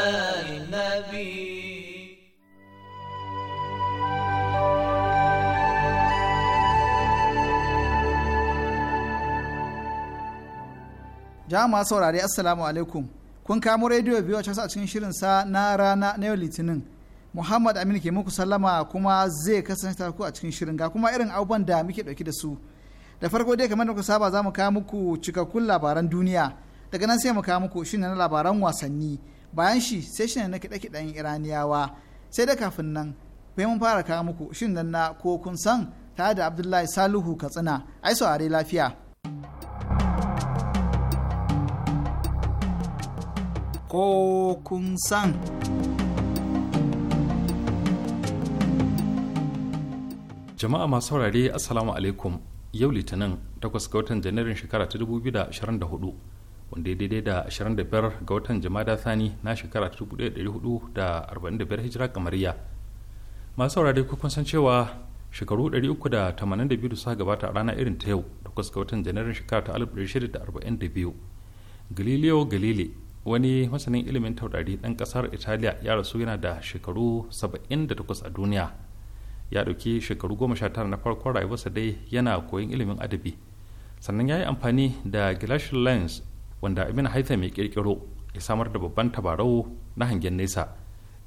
آله jama'a saurari assalamu alaikum kun kamo rediyo biyu a a cikin shirin sa na rana na yau litinin muhammad aminu ke muku sallama kuma zai kasance ta ku a cikin shirin ga kuma irin abubuwan da muke dauki da su da farko dai kamar da ku saba za mu kawo muku cikakkun labaran duniya daga nan sai mu kawo muku shine na labaran wasanni bayan shi sai shine na kiɗe-kiɗen iraniyawa sai da kafin nan bai mun fara kawo muku shirin na ko kun san tare da abdullahi saluhu katsina ai saurari lafiya ko kun san. Jama'a masu saurare Assalamu alaikum yau litinin 8 ga watan janairun shekara ta 2024 wanda ya daidai da 25 ga watan jama'a thani na shekara ta 1445 hijira kamariya. Masu saurare kun san cewa shekaru 382 da suka gabata a rana irin ta yau 8 ga watan janairun shekara ta 1642 galileo galile wani masanin ilimin taurari ɗan ƙasar italiya ya rasu yana da shekaru 78 a duniya ya ɗauki shekaru 19 na farko rayuwarsa dai yana koyon ilimin adabi sannan ya yi amfani da gilashin lens wanda ibn haifa mai ƙirƙiro ya samar da babban tabarau na hangen nesa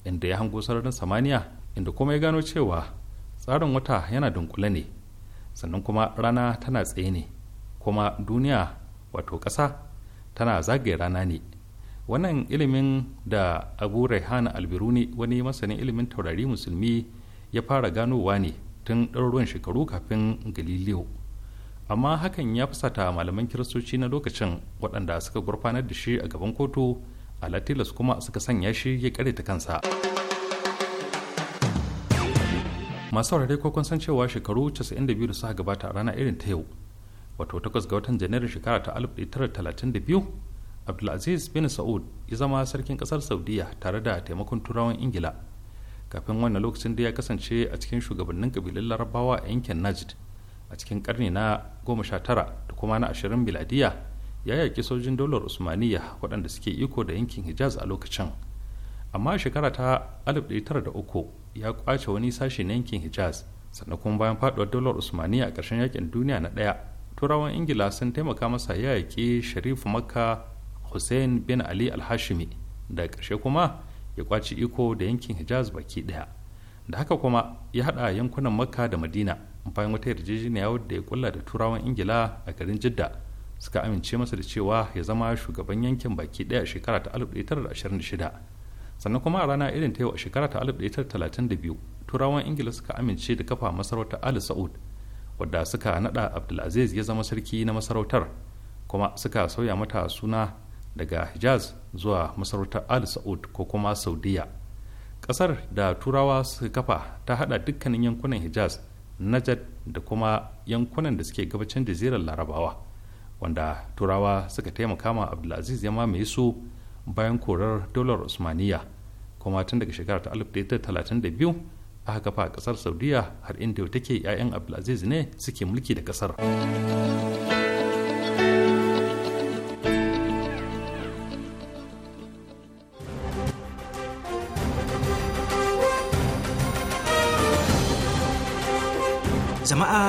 inda ya hango sararin samaniya inda kuma ya gano cewa tsarin wata yana dunkule ne sannan kuma rana tana tsaye ne kuma duniya wato ƙasa tana zagaye rana ne wannan ilimin da abu raihan albiruni wani masanin ilimin taurari musulmi ya fara ganowa ne tun ɗaruruwan shekaru kafin galileo amma hakan ya fusata malaman kiristoci na lokacin waɗanda suka gurfanar da shi a gaban kotu a kuma suka sanya shi ya ta kansa masu saurare ko kun san cewa shekaru 92 da suka gabata a rana irin ta yau wato 8 ga watan janairun shekara ta 1932 abdulaziz bin sa'ud ya zama sarkin kasar saudiya tare da taimakon turawan ingila kafin wannan lokacin da ya kasance a cikin shugabannin kabilun larabawa a yankin najd a cikin karni na 19 da kuma na 20 biladiya ya yaƙi sojin dolar usmaniya waɗanda suke iko da yankin hijaz a lokacin amma shekara ta 1903 ya kwace wani sashe na yankin hijaz sannan kuma bayan faduwar dolar usmaniya a ƙarshen yakin duniya na ɗaya turawan ingila sun taimaka masa ya yaƙi sharif makka hussein bin ali al-hashimi da ƙarshe kuma ya kwaci iko da yankin hijaz baki ɗaya da haka kuma ya haɗa yankunan makka da madina bayan wata yarjejeniya wadda ya kulla da turawan ingila a garin jidda suka amince masa da cewa ya zama shugaban yankin baki ɗaya a shekara ta 1926 sannan kuma a rana irin ta yau a shekara ta 1932 turawan ingila suka amince da kafa masarautar ali sa'ud wadda suka naɗa abdulaziz ya zama sarki na masarautar kuma suka sauya mata suna daga hijaz zuwa masarautar al saud ko kuma saudiya kasar da turawa suka kafa ta hada dukkanin yankunan hijaz najad da kuma yankunan da suke gabacin jazirar larabawa wanda turawa suka taimaka ma abdulaziz ya mamaye su bayan korar dolar usmaniya kuma tun daga shekara ta 1932 aka kafa a kasar saudiya har inda take 'ya'yan abdulaziz ne suke mulki da kasar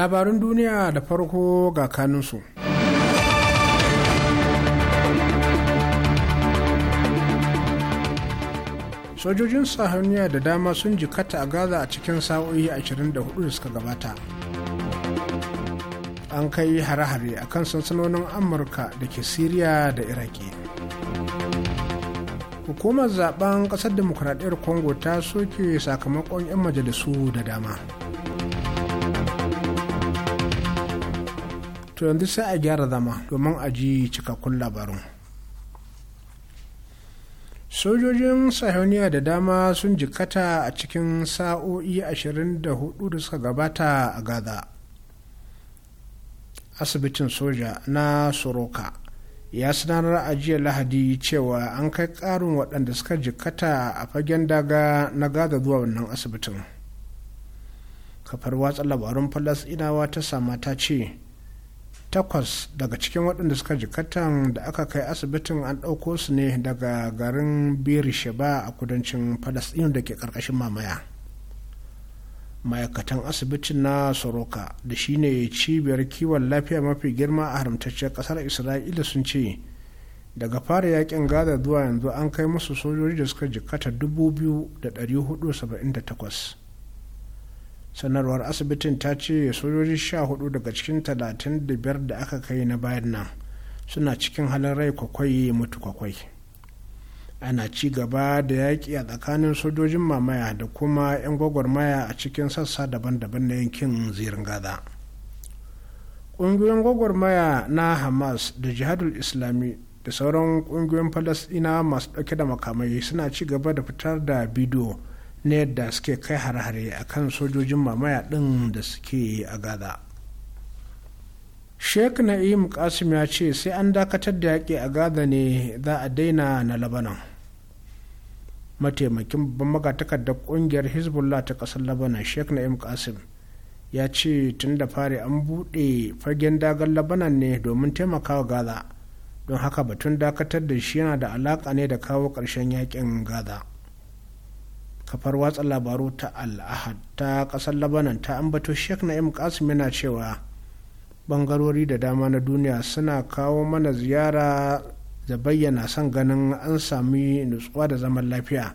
labarun duniya da farko ga kanunsu. sojojin sahaniya da dama sun jikata a gaza a cikin sa'o'i 24 da suka gabata an kai hare-hare a kan sansanonin amurka da ke siriya da iraki hukumar zaben kasar demokuraɗiyar congo ta soke sakamakon 'yan majalisu da dama to yanzu sai a gyara zama domin a ji cikakkun labarin sojojin sahiyoniya da dama sun jikata a cikin sa'o'i 24 da suka gabata a gaza asibitin soja na soroka ya sanar a jiya lahadi cewa an kai karin waɗanda suka jikata a fagen daga na gaza zuwa wannan asibitin kafar watsa labarun falasɗinawa ta sama ta ce takwas daga cikin waɗanda suka jikatan da aka kai asibitin an ɗauko su ne daga garin birisheba a kudancin falasɗinu da ke ƙarƙashin mamaya ma'aikatan asibitin na soroka da shine cibiyar kiwon lafiya mafi girma a haramtacciyar ƙasar isra'ila sun ce daga fara yakin gaza zuwa yanzu an kai musu sojoji da suka jikata 2,478 sanarwar asibitin ta ce sojoji sha hudu daga cikin talatin da biyar da aka kai na bayan nan suna cikin halin rai kwakwai mutu kwakwai ana ci gaba da yaƙi a tsakanin sojojin mamaya da kuma 'yan gwagwarmaya a cikin sassa daban-daban na yankin zirin gaza ƙungiyoyin gwagwarmaya na hamas da jihadul islami da sauran ƙungiyoyin falasɗina masu ɗauke da makamai suna ci gaba da fitar da bidiyo na yadda suke kai hare-hare a kan sojojin mamaya ɗin da suke a gaza sheikh na'im kasim ya ce sai an dakatar da yaƙi a gaza ne za a daina na labanan mataimakin babban magatakardar ƙungiyar hezbollah ta ƙasar labanan sheikh na'im kasim ya ce tun da fari an buɗe fagen dagar labanan ne domin taimakawa gaza don haka batun dakatar da shi yana da alaƙa ne da kawo ƙarshen yaƙin gaza kafar watsa labaru ta al'ahad ta kasar labanan ta ambato sheikh na'im kasim yana cewa bangarori da dama na duniya suna kawo mana ziyara da bayyana son ganin an sami nutsuwa da zaman lafiya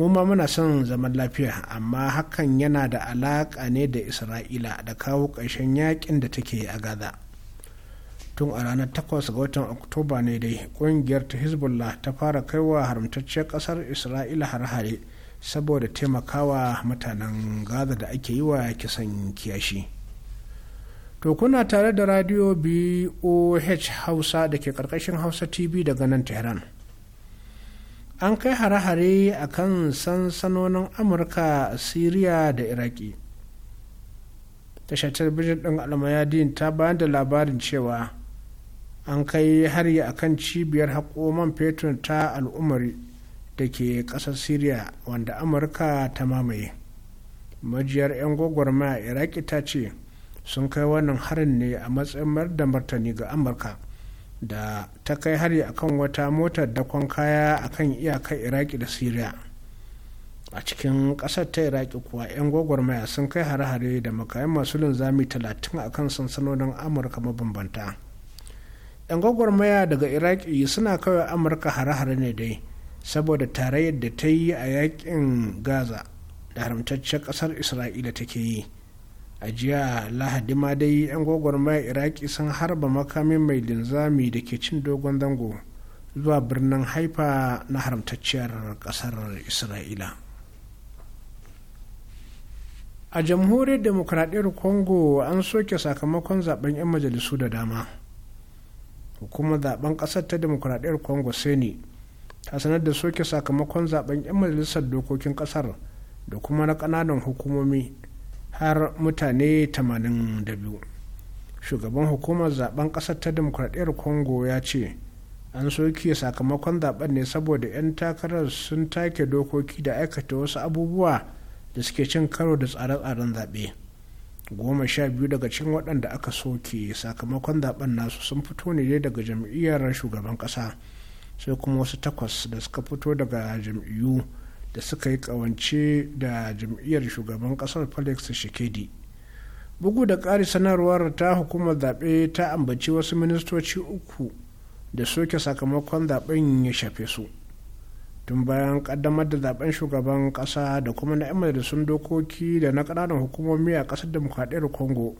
mu ma muna son zaman lafiya amma hakan yana da alaƙa ne da isra'ila da kawo ƙarshen yakin da take a gaza tun a ranar 8 ga watan oktoba ne dai ƙungiyar ta hezbollah ta fara kaiwa haramtacciyar ƙasar isra'ila har-hare saboda taimakawa mutanen gaza da ake yi wa kisan kiyashi to kuna tare da radio boh hausa da ke karkashin hausa tv daga nan tehran an kai hare-hare a kan sansanonin amurka syria da iraki tashar talabijin ɗin almayadin ta bayan da labarin cewa an kai hari a kan cibiyar haƙo fetur ta al'umari da ke ƙasar syria wanda amurka ta mamaye majiyar 'yan gwagwarmaya iraki ta ce sun kai wannan harin ne a matsayin da martani ga amurka da ta kai hari akan wata motar dakon kaya akan iyakar iraki da syria a cikin ƙasar ta iraki kuwa 'yan gwagwarmaya sun kai hare-hare da makayan masu linzami 30 akan sansanonin amurka mabambanta 'yan gwagwarmaya daga iraki suna kawai amurka hare-hare ne dai saboda tarayyar da ta yi a yakin gaza da haramtaccen kasar isra'ila take yi a jiya lahadi ma dai yan gwagwarmaya iraki sun harba makami mai linzami da ke cin dogon zango zuwa birnin haifa na haramtacciyar kasar isra'ila a jamhuriyar demokradiyyar congo an soke sakamakon zaben 'yan majalisu da dama hukumar zaben kasar ta demokradiyyar congo seni ta sanar da soke sakamakon zaben 'yan majalisar dokokin kasar da kuma na kananan hukumomi har mutane 82 shugaban hukumar zaben kasar ta demokradiyyar congo ya ce an soke sakamakon zaben ne saboda 'yan takarar sun take dokoki da aikata wasu abubuwa da suke cin karo da tsare-tsaren zaɓe goma sha biyu daga cikin waɗanda aka soke sakamakon zaben nasu sun fito ne daga jam'iyyar shugaban ƙasa. sai kuma wasu takwas da suka fito daga jam'iyyu da suka yi kawance da jam'iyyar shugaban kasar felix shekedi bugu da ƙari sanarwar ta hukumar zaɓe ta ambaci wasu ministoci uku da soke sakamakon zaɓen ya shafe su tun bayan ƙaddamar da zaɓen shugaban ƙasa da kuma na da sun dokoki da na ƙananan hukumomi a ƙasar demokradiyyar congo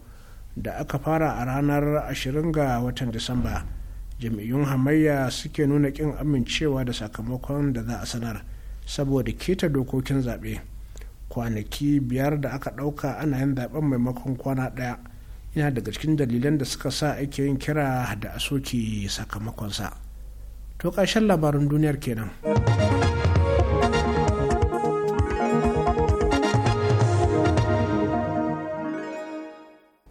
da aka fara a ranar 20 ga watan disamba jam'iyyun hamayya suke nuna kin amincewa da sakamakon da za a sanar saboda keta dokokin zaɓe kwanaki biyar da aka ɗauka ana yin zaɓen maimakon kwana ɗaya yana daga cikin dalilan da suka sa ake yin kira da a soke sakamakonsa to ƙarshen labarin duniyar kenan.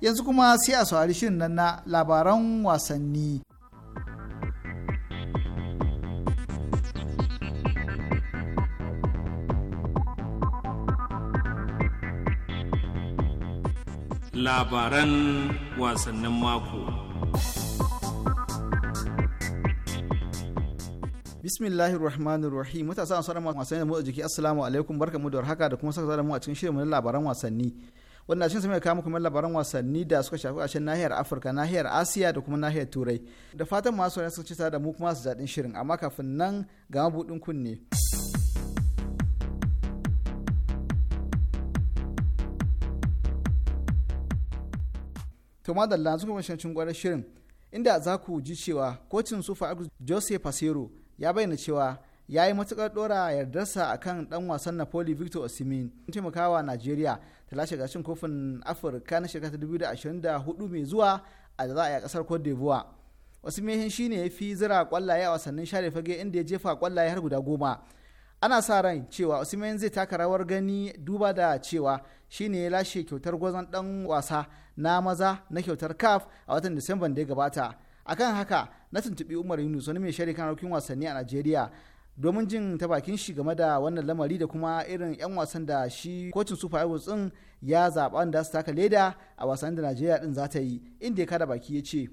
yanzu kuma sai a saurari shirin nan na labaran wasanni. labaran wasannin mako. bismillahir rahmanir rahim matasa an sauran wasanni da motsa jiki assalamu alaikum barkamu da haka da kuma saka da mu a cikin shirin mu labaran wasanni wanda cikin sami kama kuma labaran wasanni da suka shafi ƙarshen nahiyar afirka nahiyar asiya da kuma nahiyar turai da fatan masu wani suka ci da mu kuma su daɗin shirin amma kafin nan ga mabuɗin kunne. to madalla zuwa mashancin gwarar shirin inda za ku ji cewa kocin sufa agus jose pasero ya bayyana cewa ya yi matukar dora yardarsa kan dan wasan napoli victor osimhen taimakawa najeriya ta lashe gashin kofin afirka na shekara 2024 mai zuwa a da za a yi a kasar cote d'ivoire osimhen shine ya fi zira kwallaye a wasannin share fage inda ya jefa kwallaye har guda goma ana sa ran cewa osimhen zai taka rawar gani duba da cewa shi ne ya lashe kyautar gwazon dan wasa na maza na kyautar CAF a watan Disamban da ya gabata. Akan haka na tuntuɓi Umar Yunus wani mai shari'a kan harkokin wasanni a Najeriya domin jin ta bakin shi game da wannan lamari da kuma irin 'yan wasan da shi kocin Super Eagles din ya zaɓa wanda su taka leda a wasan da Najeriya din za ta yi inda ya kada baki ya ce.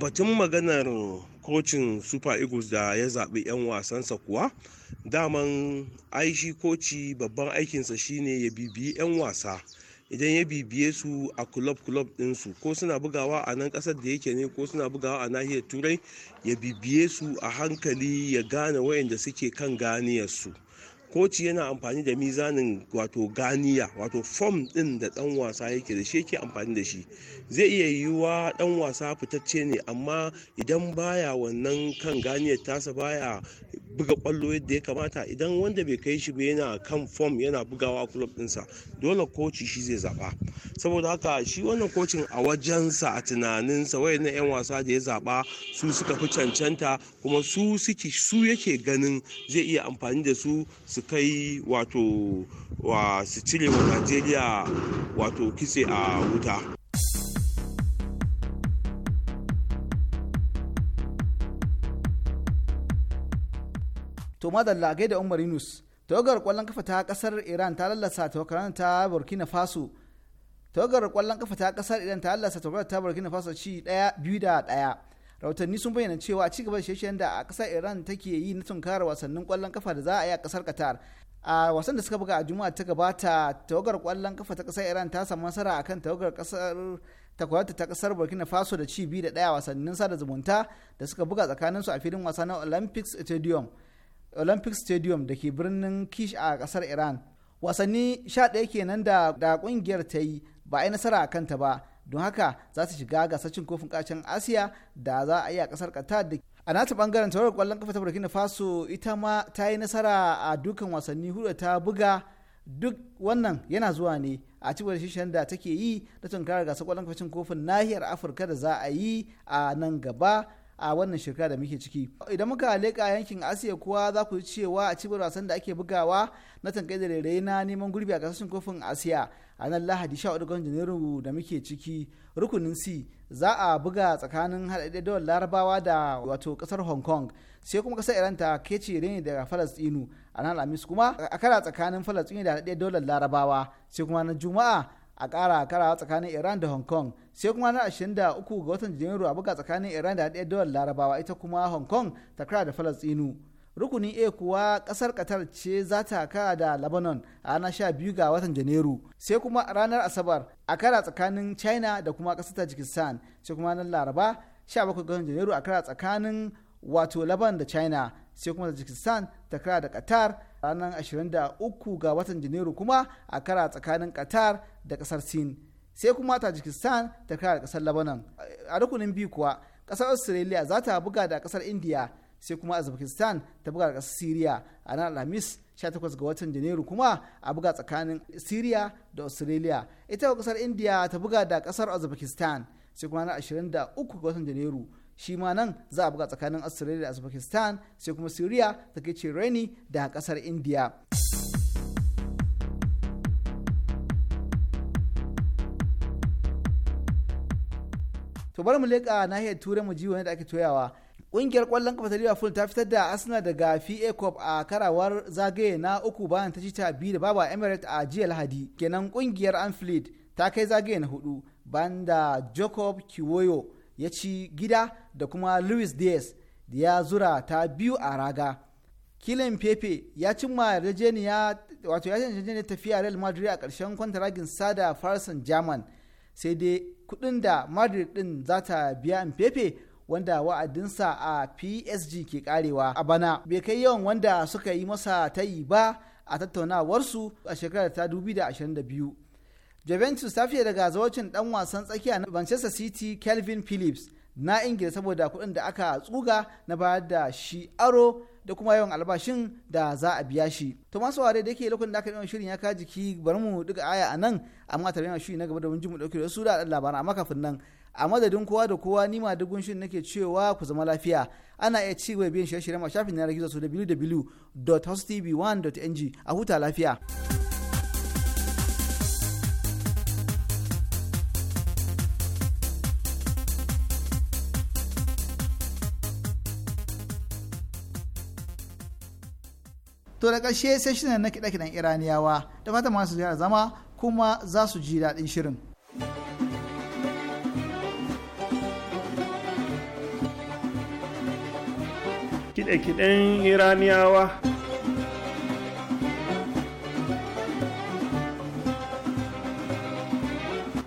Batun maganar kocin Super Eagles da ya zaɓi 'yan wasansa kuwa daman ai koci babban aikinsa shine ya bibiyi 'yan wasa. idan ya bibiye su a kulob-kulob club ɗinsu ko suna bugawa a nan ƙasar da yake ne ko suna bugawa a nahiyar turai ya bibiye su a hankali ya gane wayanda suke kan ganiyar su koci yana amfani da mizanin wato ganiya wato fom din da dan wasa yake da shi yake amfani da shi zai iya yiwuwa dan wasa fitacce ne amma idan baya wannan kan ganiya tasa baya buga kwallo yadda ya kamata idan wanda bai kai shi ba yana kan fom yana bugawa a club dinsa dole koci shi zai zaba saboda haka shi wannan kocin a wajensa a tunaninsa na yan wasa da ya zaba su suka fi cancanta kuma su su yake ganin zai iya amfani da su su kai wato wa su cire wa najeriya wato kise a wuta to madalla gaida umar yunus tawagar kwallon kafa ta kasar iran ta lallasa tawakaran ta burkina faso tawagar kwallon kafa ta kasar iran ta lallasa tawakaran ta burkina faso ci daya biyu da daya rahotanni sun bayyana cewa a cigaba da da a ƙasar iran take yi na tunkarar wasannin kwallon kafa da za a yi a ƙasar qatar a wasan da suka buga a juma'a ta gabata tawagar ƙwallon kafa ta ƙasar iran ta samu nasara akan tawagar ƙasar takwarata ta ƙasar burkina faso da ci biyu da ɗaya wasannin sada zumunta da suka buga tsakanin su a filin wasa na olympic stadium olympic stadium da ke birnin kish a ƙasar iran wasanni sha ɗaya kenan da ƙungiyar ta yi ba a yi nasara a kanta ba don haka za su shiga gasar cin kofin kashin asiya da za a yi a kasar qatar da a nata bangaren tawarar kwallon kafa ta burkina faso ita ma ta yi nasara a dukan wasanni hudu ta buga duk wannan yana zuwa ne a cibiyar shishen da take yi da tunkarar gasar kwallon kafa cin kofin nahiyar afirka da za a yi a nan gaba a wannan shekara da muke ciki idan muka leƙa yankin asiya kuwa za ku cewa a cibiyar wasan da ake bugawa na tankai da rairayi na neman gurbi a kasashen kofin asiya a nan lahadi 14 ga janairu da muke ciki rukunin c za a buga tsakanin haɗaɗɗen dawar larabawa da wato ƙasar hong kong sai kuma ƙasar iran ta kece ne daga falastinu a nan alamis kuma a kara tsakanin falastinu da haɗaɗɗen dawar larabawa sai kuma na juma'a a kara kara tsakanin iran da hong kong sai kuma na 23 ga watan janairu a buga tsakanin iran da haɗaɗɗen dawar larabawa ita kuma hong kong ta kara da falastinu rukunin a kuwa kasar qatar ce za ta kara da lebanon a ranar biyu ga watan janairu sai kuma ranar asabar a kara tsakanin china da kuma kasar tajikistan sai kuma ranar laraba bakwai ga watan janairu a kara tsakanin wato laban da china sai kuma tajikistan ta kara da qatar ranar ashirin da uku ga watan janairu kuma a kara tsakanin qatar da kasar sin sai kuma tajikistan ta kara da kasar lebanon a rukunin b kuwa kasar australia za ta buga da kasar india sai kuma Azerbaijan ta buga ƙasar Siriya a ranar Alhamis 18 ga watan Janairu kuma a buga tsakanin Siriya da Australia. Ita ƙasar India ta buga da ƙasar Azerbaijan sai kuma ranar 23 ga watan Janairu shi ma nan za a buga tsakanin Australia da Azerbaijan sai kuma Siriya ta kai ce Reni da ƙasar India. to bari mu leƙa nahiyar turai mu ji wani da ake toyawa Ƙungiyar ƙwallon kafa ta Liverpool ta fitar da Arsenal daga FA Cup a karawar zagaye na uku bayan ta ci ta biyu da babu Emirates a jiya Lahadi. Kenan ƙungiyar Anfield ta kai zagaye na hudu bayan da Jacob Kiwoyo ya ci gida da kuma Luis Diaz da ya zura ta biyu a raga. Kilin Pepe ya cimma yarjejeniya wato ya yarjejeniya tafiya Real Madrid a ƙarshen kwantaragin sada Farsan German sai dai kuɗin da Madrid ɗin za ta biya Pepe wanda wa'adinsa a psg ke karewa a bana bai kai yawan wanda suka yi masa ta yi ba a tattaunawarsu a shekarar ta 2022 juventus ta fiye daga zawacin dan wasan tsakiya na manchester city kelvin phillips na ingila saboda kuɗin da aka tsuga na bayar da shi aro da kuma yawan albashin da za a biya shi to masu ware da yake lokacin da aka yi shirin ya ka jiki bari mu duka aya a nan amma tare da shi na gaba da mun ji mu dauke da su da labaran amma kafin nan a madadin kowa da kowa ni ma dugun shin nake cewa ku zama lafiya ana iya ci gaba biyan shirye-shiryen a shafin yanar gizo su www.hostv1.ng a huta lafiya. To da ƙarshe sai ne na kiɗa-kiɗan Iraniyawa da fata masu zama kuma za su ji daɗin shirin. kiɗe-kiɗen iraniyawa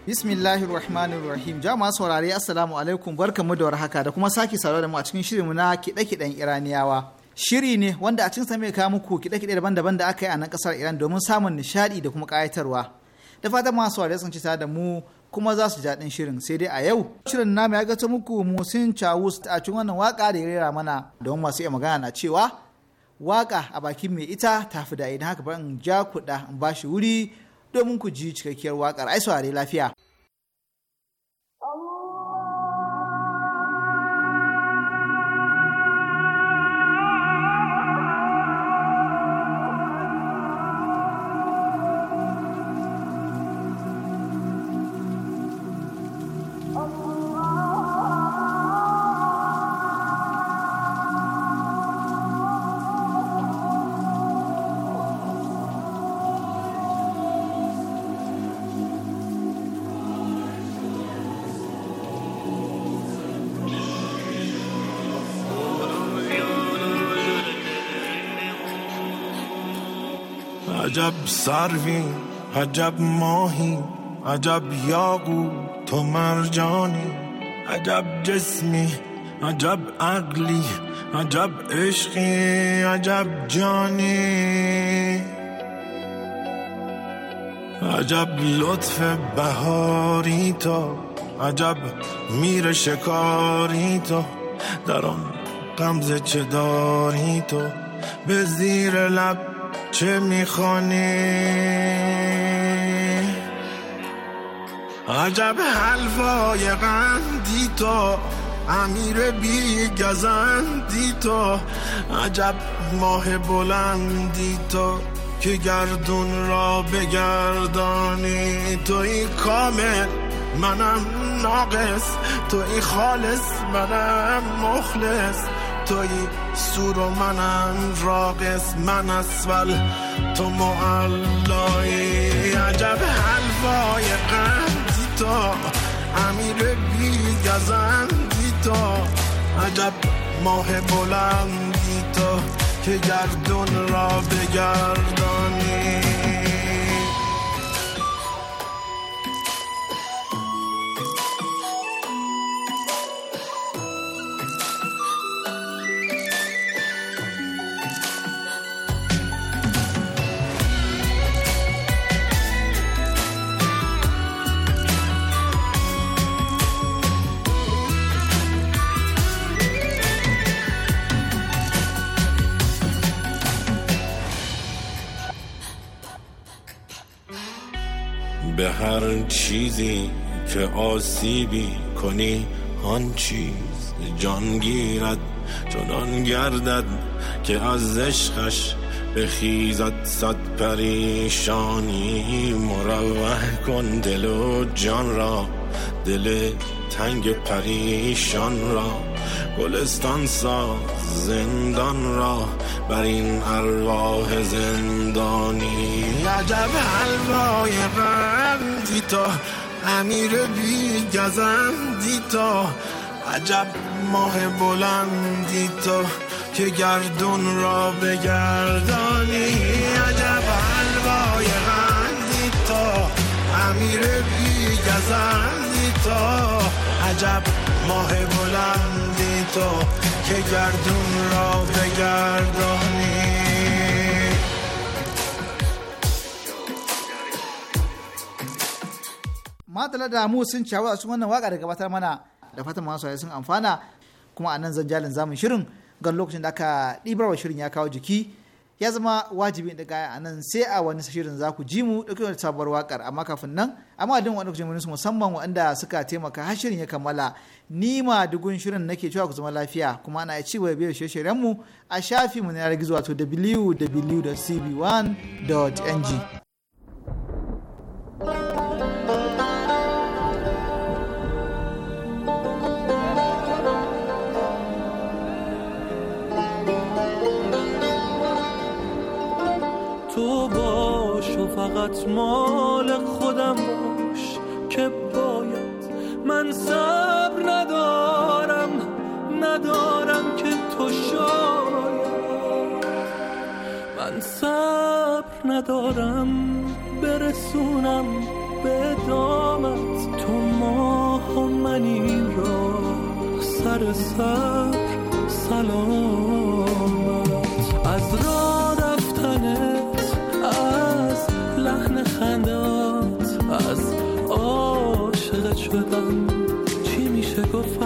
bismillahir rahmanir rahim jama'a saurari assalamu alaikum barkamu da warhaka da kuma sake saurare da mu a cikin shirinmu na kiɗe-kiɗen iraniyawa shiri ne wanda a cikin sa mai kawo muku kiɗe-kiɗe daban-daban da aka yi a nan ƙasar iran domin samun nishaɗi da kuma ƙayatarwa da fatan masu saurare sun ci da mu kuma za su ji daɗin shirin sai dai a yau shirin namu ya gata muku musin chawus a cikin wannan waka da ya rera mana don masu iya magana na cewa waka a bakin mai ita ta fi da idan haka ban ja kuɗa in ba shi wuri domin ku ji cikakkiyar wakar ai saurare lafiya. عجب سروی عجب ماهی عجب یاقو تو مرجانی عجب جسمی عجب عقلی عجب عشقی عجب جانی عجب لطف بهاری تو عجب میر شکاری تو در آن چه داری تو به زیر لب چه میخوانی عجب حلوای قندی تو امیر بی گزندی تو عجب ماه بلندی تو که گردون را بگردانی تو ای کامل منم ناقص تو ای خالص منم مخلص توی سور و منم راقص من اسول تو معلای عجب حلوای قندی تا امیر بیگزندی تا عجب ماه بلندی تا که گردون را بگردانی هر چیزی که آسیبی کنی آن چیز جان گیرد چنان گردد که از عشقش بخیزد صد پریشانی مروح کن دل و جان را دل تنگ پریشان را گلستان ساز زندان را بر این ارواح زندانی عجب حلوای غم تا امیر بی تا عجب ماه بلندی تا که گردون را بگردانی عجب حلوای غندی تا امیر بی دی تا عجب ماه بلندی تا که گردون را بگردانی matala da mu sun ci a cikin wannan waka da gabatar mana da fatan masu sun amfana kuma a nan zanjalin zamun shirin gan lokacin da aka ɗibarwa shirin ya kawo jiki ya zama wajibi da gaya a nan sai a wani shirin za ku ji mu ɗauki wani sabuwar wakar amma kafin nan amma din wani lokacin su musamman wanda suka taimaka har shirin ya kammala ni ma dugun shirin nake cewa ku zama lafiya kuma ana ci wa biyar shirye mu a shafi mu na gizo wato www.cb1.ng. فقط مال خودم باش که باید من صبر ندارم ندارم که تو شاید من صبر ندارم برسونم به دامت تو ماه و منی را سر سر سلامت از راه گفتم چی میشه گفت؟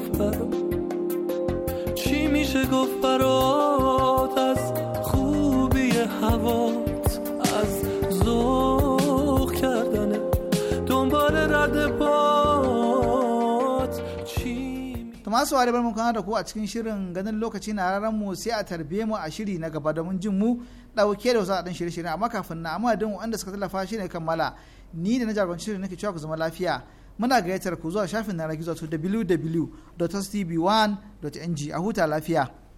افتد چی میشه گفت برات از خوبی هوات از ذوق ware bar kana da ku a cikin shirin ganin lokaci na raran mu sai a tarbiye mu a shiri na gaba domin jin mu dauke da wasu a dan shirye-shirye amma kafin na amma don wanda suka tallafa shi ne kammala ni da na jagoranci shirin nake cewa ku zama lafiya muna gayyatar ku zuwa shafin na gizo to wwwstb 1ng a huta lafiya